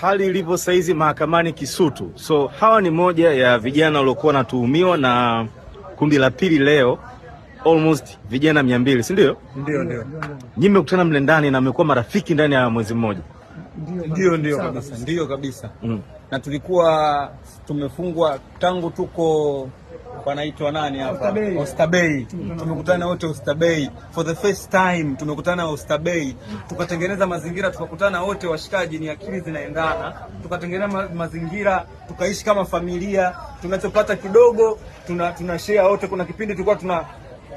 hali ilivyo saizi mahakamani Kisutu. So hawa ni moja ya vijana waliokuwa wanatuhumiwa na kundi la pili leo almost vijana mia mbili si ndio? Ndio, ndio. Nyinyi mmekutana mle ndani na mmekuwa marafiki ndani ya mwezi mmoja? Ndio, ndio kabisa, ndio kabisa. Mm. Na tulikuwa tumefungwa tangu tuko hapa anaitwa nani hapa? Oysterbay. Tumekutana wote Oysterbay. For the first time tumekutana Oysterbay. Tukatengeneza mazingira tukakutana wote washikaji, ni akili zinaendana. Tukatengeneza ma mazingira tukaishi kama familia. Tunachopata kidogo tuna, tuna share wote. Kuna kipindi tulikuwa tuna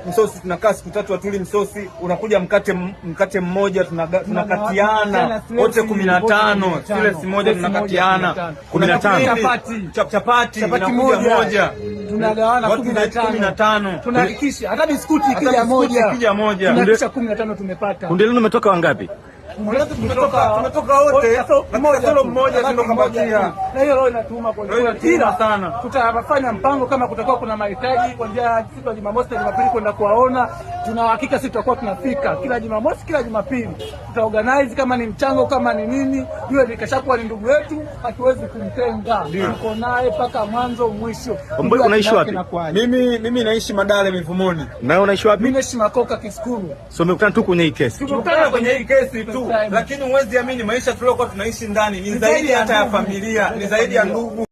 msosi tunakaa siku tatu hatuli msosi, unakuja mkate mkate mmoja tunakatiana wote kumi na tano, silesi moja tunakatiana, kumi na chapati chapati moja tunagawana kumi na tano, tunahakikisha hata biskuti ikija moja tunahakikisha kumi na tano tumepata. Kundi lenu umetoka wangapi? Tumetoka wote mmoja, na hiyo roho inatuuma ila sana. Tutafanya mpango kama kutakuwa kuna mahitaji, kuanzia siku ya Jumamosi na Jumapili kwenda kuwaona tuna uhakika sisi tutakuwa tunafika kila Jumamosi, kila Jumapili tutaorganize, kama ni mchango, kama ni nini, yule nikashakuwa ni ndugu yetu, hatuwezi kumtenga, tuko naye mpaka mwanzo mwisho. Mbona unaishi wapi? Mimi mimi naishi Madale Mivumoni. Na unaishi wapi? Mimi naishi Makoka Kisukuru. So mmekutana tu kwenye hii kesi, tumekutana kwenye hii kesi tu, lakini huwezi amini maisha tuliokuwa tunaishi ndani ni zaidi hata ya familia, ni zaidi ya ndugu.